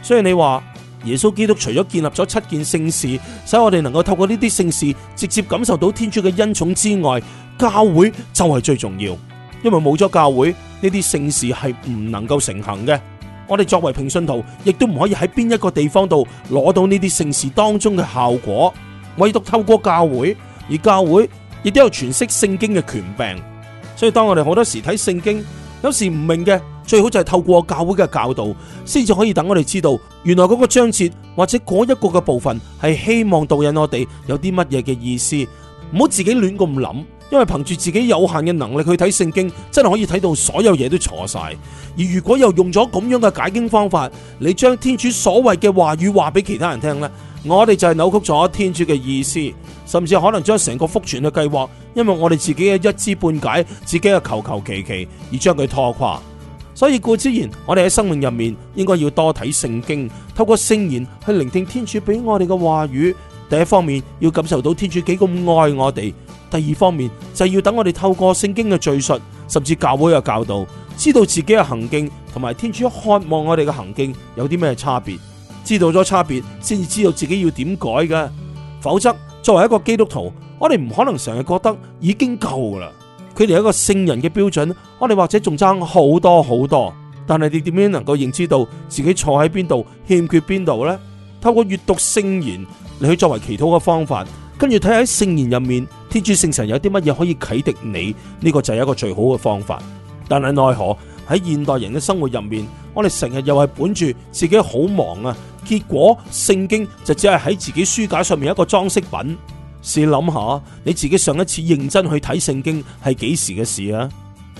所以你話耶穌基督除咗建立咗七件聖事，使我哋能夠透過呢啲聖事直接感受到天主嘅恩寵之外，教會就係最重要，因為冇咗教會呢啲聖事係唔能夠成行嘅。我哋作為平信徒，亦都唔可以喺邊一個地方度攞到呢啲聖事當中嘅效果，唯獨透過教會，而教會亦都有詮釋聖經嘅權柄。所以當我哋好多時睇聖經，有時唔明嘅，最好就係透過教會嘅教導先至可以等我哋知道，原來嗰個章節或者嗰一個嘅部分係希望導引我哋有啲乜嘢嘅意思，唔好自己亂咁諗。因為憑住自己有限嘅能力去睇聖經，真係可以睇到所有嘢都錯晒。而如果又用咗咁樣嘅解經方法，你將天主所謂嘅話語話俾其他人聽呢，我哋就係扭曲咗天主嘅意思，甚至可能將成個福傳嘅計劃，因為我哋自己嘅一知半解、自己嘅求求其其，而將佢拖垮。所以故之然，我哋喺生命入面應該要多睇聖經，透過聖言去聆聽天主俾我哋嘅話語。第一方面要感受到天主幾咁愛我哋，第二方面就係要等我哋透過聖經嘅敘述，甚至教會嘅教導，知道自己嘅行徑同埋天主渴望我哋嘅行徑有啲咩差別。知道咗差別，先至知道自己要點改嘅。否則作為一個基督徒，我哋唔可能成日覺得已經夠啦。距離一個聖人嘅標準，我哋或者仲爭好多好多。但係你點樣能夠認知到自己錯喺邊度、欠缺邊度咧？透過閱讀聖言。你去作為祈禱嘅方法，跟住睇下喺聖言入面，天主聖神有啲乜嘢可以啟迪你？呢個就係一個最好嘅方法。但係奈何喺現代人嘅生活入面，我哋成日又係本住自己好忙啊，結果聖經就只係喺自己書架上面一個裝飾品。試諗下你自己上一次認真去睇聖經係幾時嘅事啊？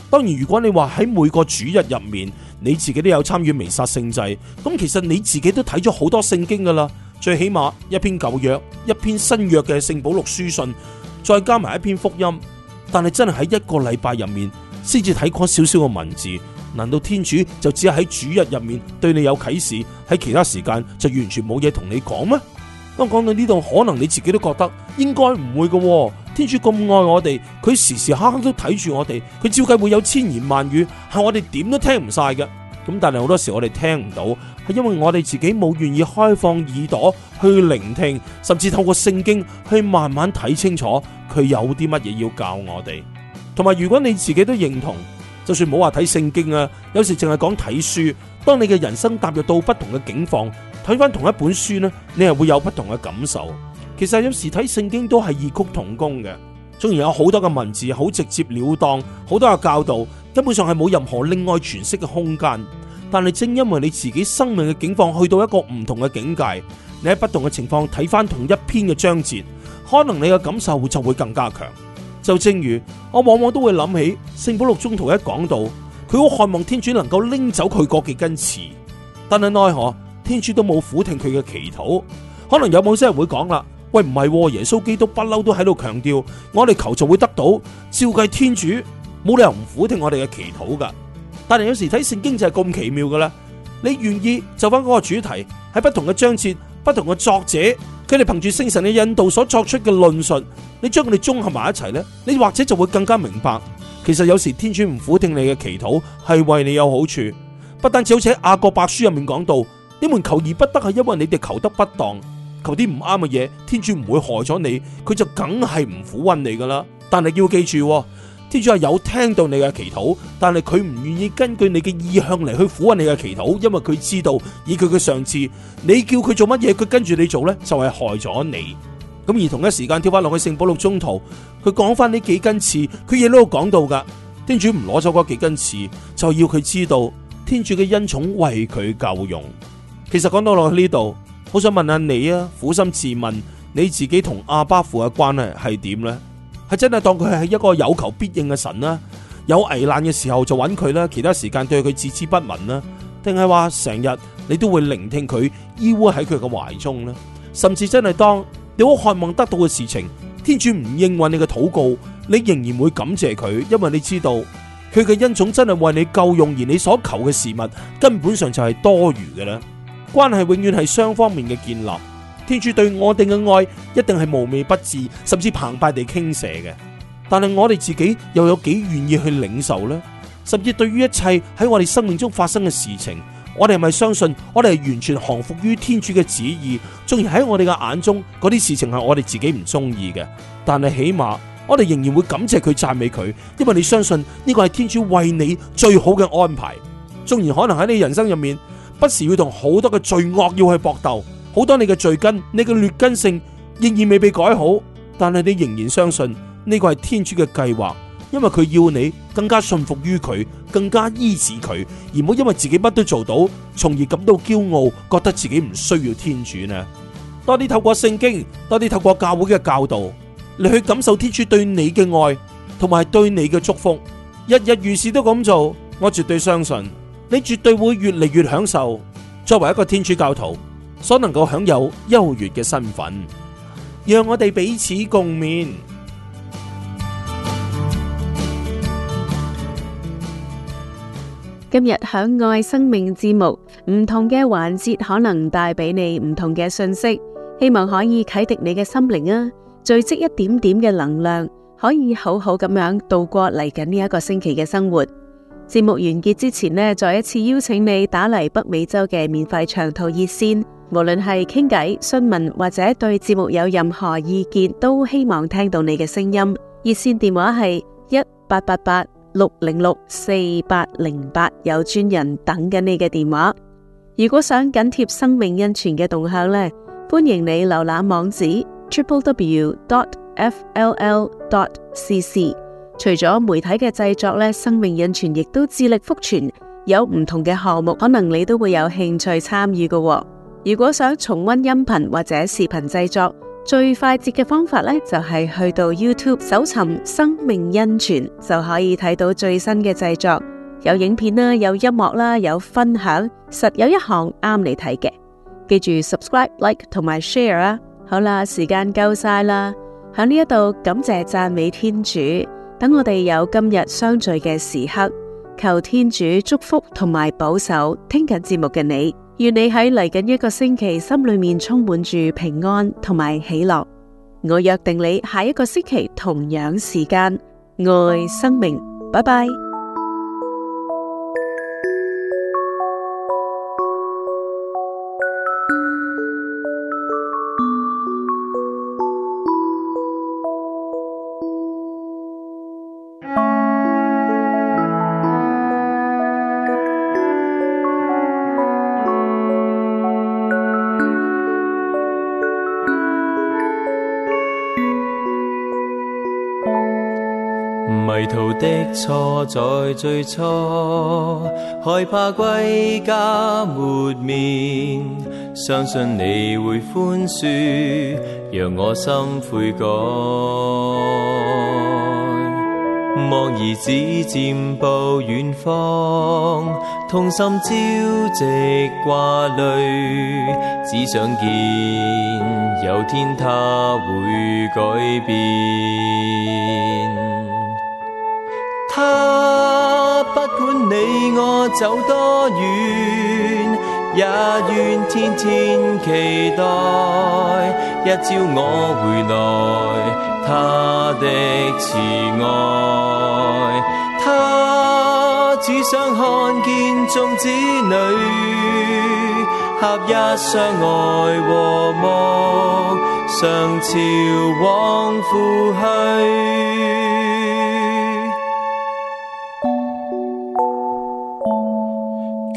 當然，如果你話喺每個主日入面，你自己都有參與彌撒聖祭，咁其實你自己都睇咗好多聖經噶啦。最起碼一篇舊約、一篇新約嘅聖保祿書信，再加埋一篇福音，但係真係喺一個禮拜入面先至睇過少少嘅文字。難道天主就只係喺主日入面對你有啟示，喺其他時間就完全冇嘢同你講咩？當講到呢度，可能你自己都覺得應該唔會嘅喎。天主咁愛我哋，佢時時刻刻都睇住我哋，佢照計會有千言萬語，係我哋點都聽唔晒嘅。咁但係好多時我哋聽唔到，係因為我哋自己冇願意開放耳朵去聆聽，甚至透過聖經去慢慢睇清楚佢有啲乜嘢要教我哋。同埋，如果你自己都認同，就算冇話睇聖經啊，有時淨係講睇書。當你嘅人生踏入到不同嘅境況，睇翻同一本書呢，你係會有不同嘅感受。其實有時睇聖經都係異曲同工嘅，雖然有好多嘅文字好直接了當，好多嘅教導，根本上係冇任何另外詮釋嘅空間。但係正因為你自己生命嘅境況去到一個唔同嘅境界，你喺不同嘅情況睇翻同一篇嘅章節，可能你嘅感受就會更加強。就正如我往往都會諗起《聖保祿宗徒》一講到，佢好渴望天主能夠拎走佢嗰幾根刺，但係奈何天主都冇俯聽佢嘅祈禱。可能有某些人會講啦，喂，唔係耶穌基督不嬲都喺度強調，我哋求就會得到，照計天主冇理由唔俯聽我哋嘅祈禱噶。但係有時睇聖經就係咁奇妙噶啦，你願意就翻嗰個主題喺不同嘅章節、不同嘅作者，佢哋憑住聖神嘅引導，所作出嘅論述，你將佢哋綜合埋一齊呢，你或者就會更加明白，其實有時天主唔俯聽你嘅祈禱係為你有好處，不單止好似喺雅各伯書入面講到，你們求而不得係因為你哋求得不當，求啲唔啱嘅嘢，天主唔會害咗你，佢就梗係唔俯允你噶啦。但係要記住。天主係有聽到你嘅祈禱，但係佢唔願意根據你嘅意向嚟去撫慰你嘅祈禱，因為佢知道以佢嘅上次，你叫佢做乜嘢，佢跟住你做呢，就係害咗你。咁而同一時間跳翻落去聖保祿中途，佢講翻呢幾根刺，佢亦都有講到噶。天主唔攞走嗰幾根刺，就要佢知道天主嘅恩寵為佢夠用。其實講到落去呢度，好想問下你啊，苦心自問你自己同阿爸父嘅關係係點呢？係真係當佢係一個有求必應嘅神啦，有危難嘅時候就揾佢啦，其他時間對佢置之不聞啦，定係話成日你都會聆聽佢依偎喺佢嘅懷中呢，甚至真係當你好渴望得到嘅事情，天主唔應允你嘅禱告，你仍然會感謝佢，因為你知道佢嘅恩寵真係為你夠用，而你所求嘅事物根本上就係多餘嘅啦。關係永遠係雙方面嘅建立。天主對我哋嘅愛一定係無微不至，甚至澎湃地傾瀉嘅。但係我哋自己又有幾願意去領受呢？甚至對於一切喺我哋生命中發生嘅事情，我哋係咪相信我哋係完全降服於天主嘅旨意？縱然喺我哋嘅眼中，嗰啲事情係我哋自己唔中意嘅，但係起碼我哋仍然會感謝佢、讚美佢，因為你相信呢個係天主為你最好嘅安排。縱然可能喺你人生入面，不時要同好多嘅罪惡要去搏鬥。好多你嘅罪根，你嘅劣根性仍然未被改好，但係你仍然相信呢個係天主嘅計劃，因為佢要你更加信服於佢，更加依止佢，而唔好因為自己乜都做到，從而感到驕傲，覺得自己唔需要天主呢。多啲透過聖經，多啲透過教會嘅教導，你去感受天主對你嘅愛，同埋對你嘅祝福。日日如是都咁做，我絕對相信你絕對會越嚟越享受，作為一個天主教徒所能夠享有優越嘅身份，讓我哋彼此共勉。今日響愛生命節目，唔同嘅環節可能帶俾你唔同嘅信息，希望可以啟迪你嘅心靈啊！聚積一點點嘅能量，可以好好咁樣度過嚟緊呢一個星期嘅生活。節目完結之前呢，再一次邀請你打嚟北美洲嘅免費長途熱線。無論係傾偈、詢問或者對節目有任何意見，都希望聽到你嘅聲音。熱線電話係一八八八六零六四八零八，有專人等緊你嘅電話。如果想緊貼生命恩泉嘅動向呢，歡迎你瀏覽網址 www.fll.cc。除咗媒體嘅製作呢，生命恩泉亦都致力福傳，有唔同嘅項目，可能你都會有興趣參與嘅。如果想重溫音頻或者視頻製作最快捷嘅方法咧，就係去到 YouTube 搜尋“生命恩泉”，就可以睇到最新嘅製作，有影片啦，有音樂啦，有分享，實有一項啱你睇嘅。記住 subscribe、like 同埋 share 啊！好啦，時間夠晒啦，響呢一度感謝讚美天主，等我哋有今日相聚嘅時刻，求天主祝福同埋保守聽緊節目嘅你。願你喺嚟緊一個星期，心裏面充滿住平安同埋喜樂。我約定你下一個星期同樣時間，愛生命。拜拜。錯在最初，害怕歸家沒面。相信你會寬恕，讓我心悔改。望兒子漸步遠方，痛心朝夕掛慮，只想見，有天他會改變。他、啊、不管你我走多遠，也願天天期待一朝我回來他的慈愛。他只想看見眾子女合一相愛和睦，常朝往赴去。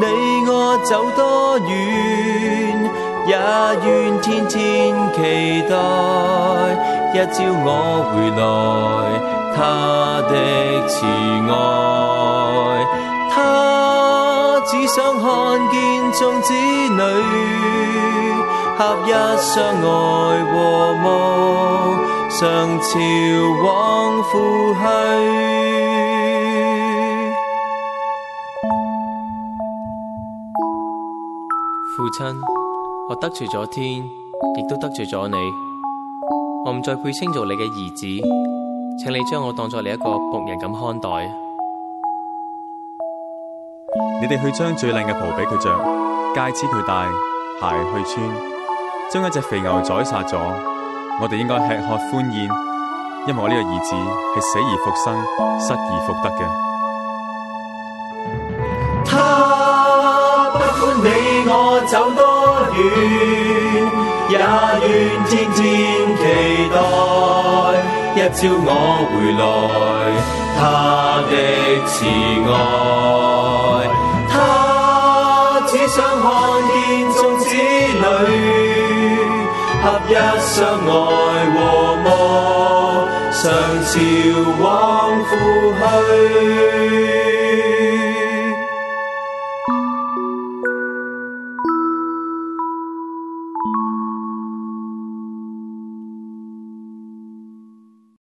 你我走多遠，也願天天期待，一朝我回來，他的慈愛。他只想看見眾子女合一相愛和睦，常朝往赴去。親，我得罪咗天，亦都得罪咗你。我唔再配稱做你嘅兒子，請你將我當作你一個僕人咁看待。你哋去將最靚嘅袍俾佢着，戒指佢戴，鞋去穿。將一隻肥牛宰殺咗，我哋應該吃喝歡宴，因為我呢個兒子係死而復生，失而復得嘅。我走多遠，也願天天期待。一朝我回來，他的慈愛。他只想看見眾子女合一相愛和睦，常朝往復去。